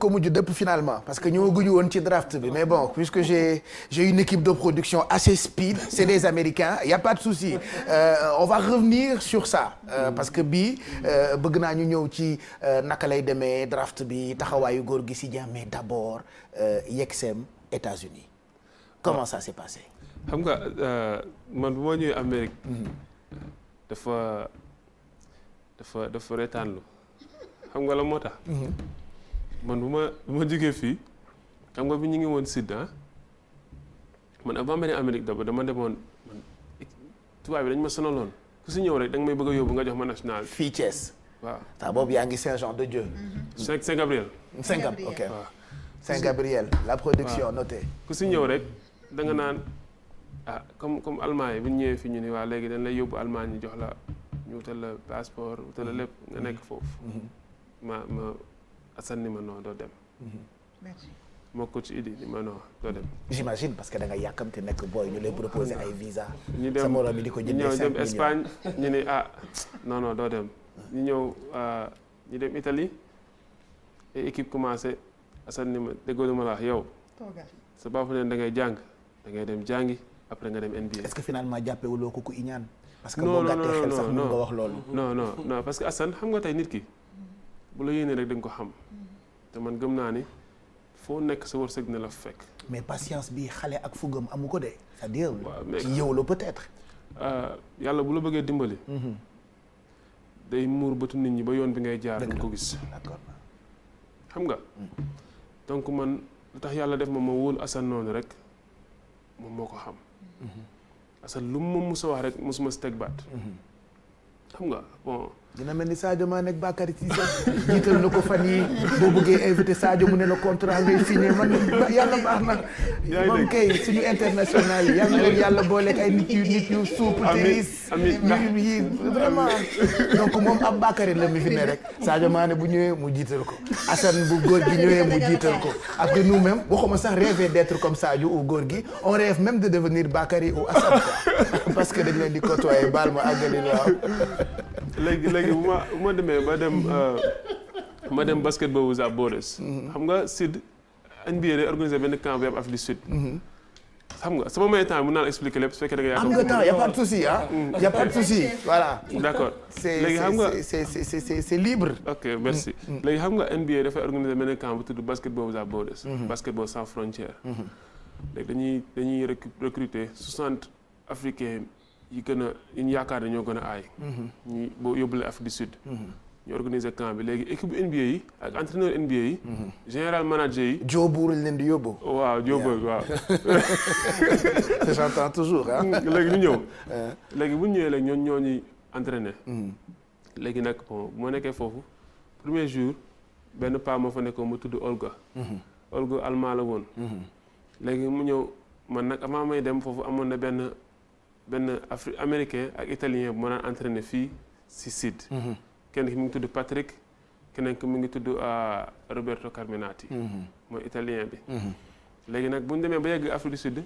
ko mujj dëpp finalement parce que ñoo guñu woon ci draft bi mais bon puisque j'ai j'ai une équipe de production assez speed c'est des américains y a pas de souci euh, on va revenir sur ça euh, parce que bii euh, bëgg naa ñu ñëw ci naka lay demee draft bi taxawaayu góor gi si jàmm mais d'abord yegsem États-Unis comment ça s'est passé xam nga man bu ma ñëwee Amérique mhm. dafa dafa dafa reetaanlu moo tax mhm. man bu ma bu ma jógee fii xam nga bi ñu ngi woon Sida ah, man avant ma ne Amérique d'abord dama demoon man tubaab bi dañ ma sonaloon ku si ñëw rek da nga may bëgg a yóbbu nga jox ma national. fii Thiès. waaw ta boobu yaa ngi saint de dieu mm-hmm. Saint Saint Gabriel. Saint Gabriel ok waaw. Saint Gabriel ku si ñëw rek da nga naan ah comme comme Allemagne yi bu ñu ñëwee fii ñu ni waa léegi dañ lay yóbbu Allemagne ñu jox la ñu wutal la passeport wutal la lépp nga nekk foofu. Mm-hmm. ma Assane ni ma non doo dem. Mhm. moo ko ci Idi ni ma non doo dem. j'imagine parce que da nga yàkkamti nekk booy ñu lay proposer ay visa. ñu dem sa bi di ko jëndee cinq ne ah non non doo dem. ñu ñëw ah, ñu dem Italie et équipe commencé Assane ni ma déggoo lu ma la wax yow. sa baafu ne da ngay jàng da ngay dem jàngi après nga dem NBA. est-ce que finalement jàppewuloo ko ku iñaan. parce que boo gàttee que Assane xam nga tey nit ki. bu la yéenee rek da nga ko xam te man gëm naa ni foo nekk sa wërsëg ne la fekk. mais patience bi xale ak fugam amu ko de c'est-à-dire. ci yow peut-être. Euh, yàlla bu la bëggee dimbali. Mhm. day muur bëtu nit ñi ba yoon bi ngay jaar. nga ko gis xam nga. Mhm. donc man lu tax yàlla def ma ma wóolu Assane noonu rek moom moo ko xam. Mhm. Assane lu mu ma mus wax rek musuma si teg baat. xam nga dina mel ni Sadio Mané ak Bakary jiital na ko fan yi boo bëggee invité saajo mu ne la contrat fi signé man yàlla am na moom kay suñu international yi yàlla leen ay nit yu nit yu souple teris yu yi vraiment donc moom ab Bakary la mi fi ne rek saajo maane bu ñëwee mu jiital ko Assane bu góor gi ñëwee mu jiital ko après nous même waxuma sax rêver d'être comme saajo ou góor gi on rêve même de devenir Bakary ou Assane parce que dañ leen di côtoyer baal ma léegi léegi bu ma bu ma demee ba dem euh, ma dem basket ba Without Borders mhm. xam nga Sud NBA day organisé benn camp bi am Afrique du Sud mhm. xam nga sama may temps mën naa la expliquer lépp su fekkee nga. am nga temps y' a pas mm. voilà. d' accord mm, mm. léegi xam nga c' est c' est c' est c' est libre. ok xam nga NBA dafay organiser benn camp bu tudd basketball without borders. Mhm. basketball sans frontières. léegi dañuy dañuy recruter soixante africains yi gën a yi ñu yaakaar ne ñoo gën a aay. Mhm. ñu boo yóbbule Afrique du Sud. Mhm. ñu organiser camp bi léegi équipe bu NBA yi ak entraîneur NBA yi. Mhm. général manager yi. joobuur leen di yóbbu. waaw joobuur waaw. j'entends toujours ah. léegi ñu ñëw. léegi bu ñu ñëwee léegi ñooñu ñoo ñuy entraîner. léegi nag bon bu ma nekkee foofu premier jour benn paa moo fa nekkoon mu tudd Olga. Olga allemand la woon. léegi mu ñëw man nag avant may dem foofu amoon na benn. benn afri américain ak italien moo daan entraîné fii si Sud. Mhm. kenn ki mu ngi tudd Patrick keneen ki mu ngi tudd ah, Roberto Carminati. Mhm. mooy italien bi. Mhm. léegi nag bu ñu demee ba yegg Afrique du Sud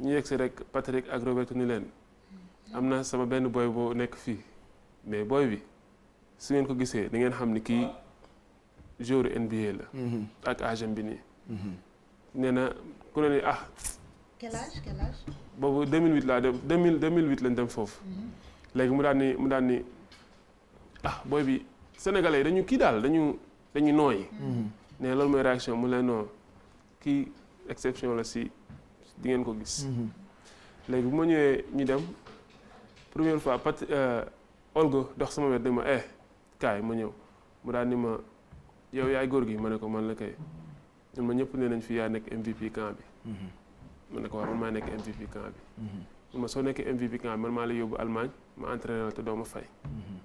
ñu yegg si rek Patrick ak Roberto ni leen am na sama benn boy boo nekk fii mais booy bi su ngeen ko gisee da ngeen xam ni kii joueur NBA la. ak agent bi ku ne ni ah. quel âge quel âge. boobu 2008 laa dem 2000 2008 lañ dem foofu. Mhm. léegi mu daan ni mu daan ni ah booy bi sénégalais yi dañu kii daal dañu dañu nooy. Mhm. ne loolu mooy réaction mu leen non kii exception la si di ngeen ko gis. Mhm. léegi bu ma ñëwee ñu dem première fois pat euh, olgo dox sama wet ne ma eh kaay ma ñëw mu daan ni ma yow yaay góor gi ma ne ko man la kay ñun ma ñëpp ne nañ fi yaa nekk MVP camp bi. man ne ko waaw man maa nekk MVP camp bi. man mm-hmm. ma soo nekkee MVP camp bi man maa lay yóbbu Allemagne ma entraîné la te doo fay. Mm-hmm.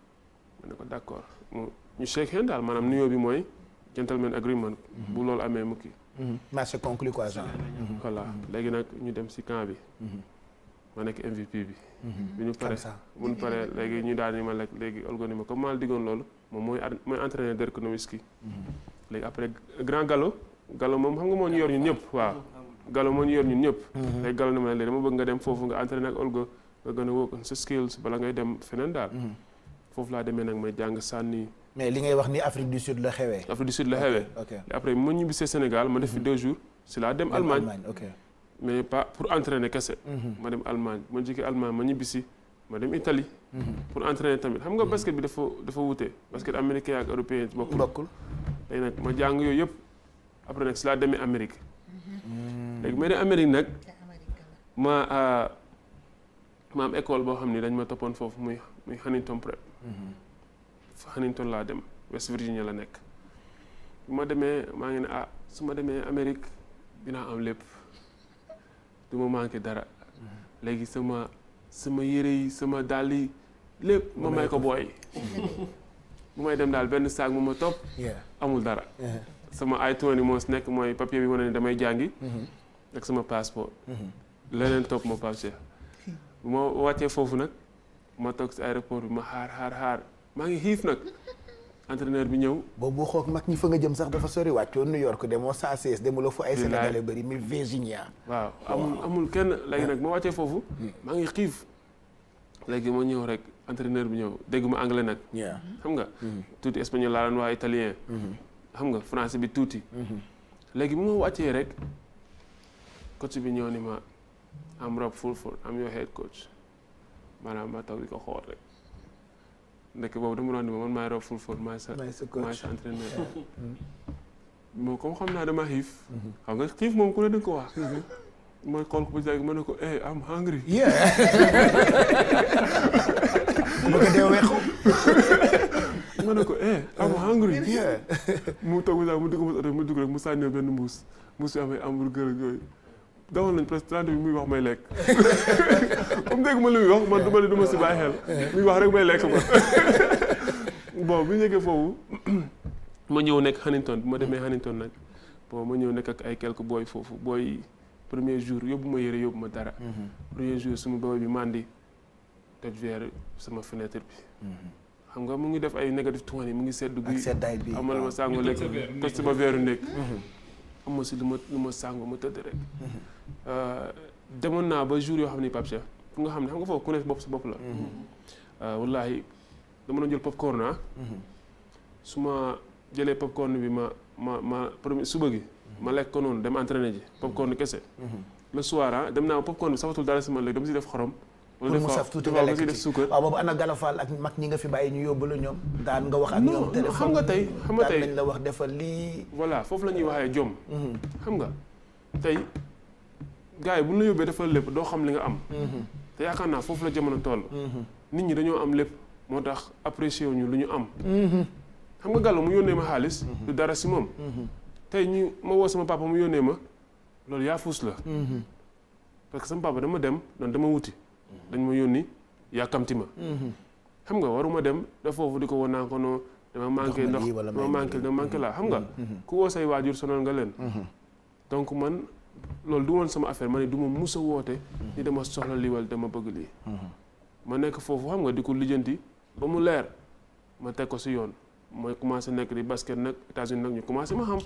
man ne ko d' accord mu ñu shake hand daal maanaam nuyoo bi mooy gentleman agreement. Mm-hmm. bu loolu amee mu kii. marché conclu léegi nag ñu dem si camp bi. ma nekk MVP bi. bi ñu paree bu ñu paree léegi ñu daal di ma lekk léegi organiser ma comme maa diggoon loolu moom mooy mooy entraîneur Dirk Nowitzki léegi après grand Gallo Gallo moom xam nga moo ñu yor ñun ñëpp waaw. galo moo ñu yor ñun ñëpp léegi mhm. galo na ma ne léegi dama bëgg nga dem foofu nga entraîné ak Olga nga gën a work on sa skills bala ngay dem feneen daal mhm. foofu laa demee nag may jàng sànni mais li ngay wax ni Afrique du Sud la xewee la xewee après ma ñibbisee Sénégal ma def fi mhm. deux jours si laa dem Allemagne mais pas pour entraîner kese ma dem Allemagne ma jógee Allemagne ma ñibbisi ma dem Italie pour entraîner tamit xam nga basket bi dafa dafa wutee basket américain ak européen bokkul bokkul léegi nag ma jàng yooyu yëpp après léegi mais de Amérique nag ma ah, ma am école boo xam ni dañ ma toppoon foofu muy muy Huntington Prep mhm. fa Huntington laa dem West Virginia la nekk ma demee maa ngi ne ah su ma demee Amérique dinaa am lépp du ma manqué dara mhm. léegi sama sama yére yi sama dàll yi lépp ma may ko booy bu may dem daal benn saag mu ma topp amul dara sama ay tuani moos nekk mooy papier bi wane ne damay jàngi mhm. ak sama passeport. Mhm. leneen topp ma Pape moo bu ma wàccee foofu nag ma toog si aéroport bi ma xaar xaar xaar maa ngi xiif nag entraîneur bi ñëw. boobu boo xoog mag ñi fa nga jëm sax dafa sori wàccoon New York demoo sans cesse demuloo fa ay Sénégalais bëri mi Virginia. waaw amul kenn léegi nag ma wàccee foofu. Hmm. maa ngi xiif léegi ma ñëw rek entraîneur bi ñëw dégg ma anglais nag. xam nga. Hmm. tuuti espagnol laa doon wax italien. Hmm. xam nga français bi tuuti. léegi bu ma wàccee coach bi ñëw ni ma am Rob Fulford am your head coach maanaam ma toog di ko xool rek ndekk boobu dama doon ni ma man maay Rob Fulford maay sa maay sa entraîneur mm-hmm. moom comme xam naa dama xiif mm-hmm. xam nga xiif moom ku ne danga ko wax mm-hmm. mooy xool ko ba jàgg ma ne ko eh am hungry bëgg dee weexu ma ne ko eh am hungry mu toog ba jàgg mu dugg ma oto mu dugg rek mu sànni benn mbuus mbuus bi amee hamburger ak yooyu dawal nañ presque trente bi muy wax may lekk comme dégg ma lu muy ma ne du ma si bàyyi xel muy wax rek may lekk ma bon bu nekkee foofu ma ñëw nekk Huntington bu ma demee Huntington nag bon ma ñëw nekk ak ay quelques booy foofu booy premier jour yóbbu ma yére yóbbu ma dara mhm. premier jour suma booy bi mandi toj verre sama fenêtre bi mhm. xam nga mu ngi def ay négatif tuwan mu ngi sedd bi amal ma sàngo lekk toj sama verre nekk mhm. am si lu ma lu ma sàngu ma tëdd rek. Mhm. Euh, demoon naa ba jour yoo xam ne Pape Cheikh fu nga xam ne xam nga foofu ku nekk bopp sa bopp la. Mhm. Euh, wallaahi dama doon jël popcorn ah. Mhm. su ma jëlee popcorn bi ma ma ma suba gi. ma lekk ko noonu dem entraîné ji popcorn kese. le soir ah, dem naa popcorn bi safatul dara si man léegi dama si def xorom. pour mu saf tuuti nga lekk ci waaw boobu ana galafaal ak mag ñi nga fi bàyyi ñu yóbbu la ñoom daan nga wax ak ñoom téléphone xam nga tey xam nga tey daan la wax defal lii voilà foofu la ñuy waxee jom mhm. xam tey gars yi bu ñu la yóbbee defal lépp doo xam li nga am mhm. te yaakaar naa foofu la jamono toll mhm. nit ñi dañoo am lépp moo tax apprécié ñu lu ñu am xam nga gàllo mu yónnee ma xaalis du dara si moom tey ñu ma woo sama papa mu yónnee ma loolu yaa fuus la parce que sama papa dama dem doon dama wuti dañ ma yónni yàkkamti ma mhm. xam nga waruma dem da foofu di ko woon naa ko noo dama manqué ndox dama manqué dama manqué laa xam nga mhm, mhm. ku woo say waajur sonal nga leen donc man loolu du woon sama affaire ma ne du ma mus a woote ni dama soxla lii wala dama bëgg lii ma nekk foofu xam nga di ko lijjanti ba mu leer ma teg ko si yoon mooy commencé nekk di basket nag États-Unis nag ñu commencé ma xam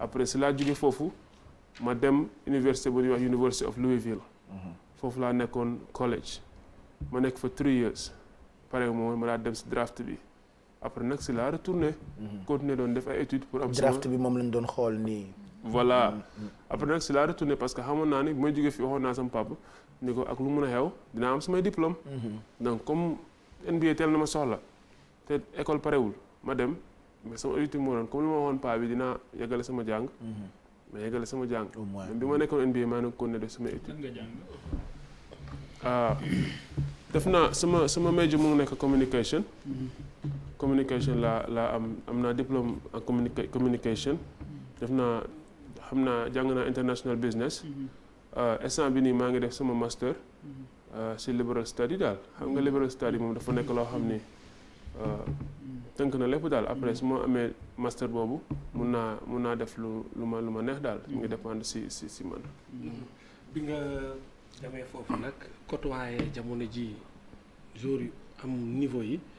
après si laa jóge foofu ma dem université bu ñuy wax University of Louisville foofu laa nekkoon collège ma nekk fa three years pare moom ma daa dem si draft bi après nag si laa retourné. Mhm. continuer doon def ay études pour. am draft bi moom lañ doon xool nii. voilà mhm, mhm. après nag si laa retourné parce que xamoon naa ne may jógee fi waxoon naa sama papa ni ko ak lu mun a xew dinaa am samay diplôme. donc comme NBA teel na ma soxla te école parewul ma dem mais sama objectif moo doon comme li ma waxoon paa bi dinaa yàggale sama jàng. ma yeggale sama jàng. bi ma nekkoon NBA maa ngi ko ne def sama étude. nga jàng. ah def naa sama sama major mu ngi nekk communication. Mm-hmm. communication laa laa am am naa diplôme en communication. def naa xam naa jàng naa international business. Mm-hmm. Ah, instant bi nii maa ngi def sama master. Mm-hmm. Ah, si liberal study daal xam nga liberal study moom dafa nekk loo xam ni. Ah, tënk na lépp daal après mm-hmm. su moo amee master boobu mun naa mun naa def lu lu ma lu ma neex daal. mu ngi mm-hmm. dépendre si si si man. Mm-hmm. bi nga demee foofu nag côtoyé jamono ji jour yu am niveau yi.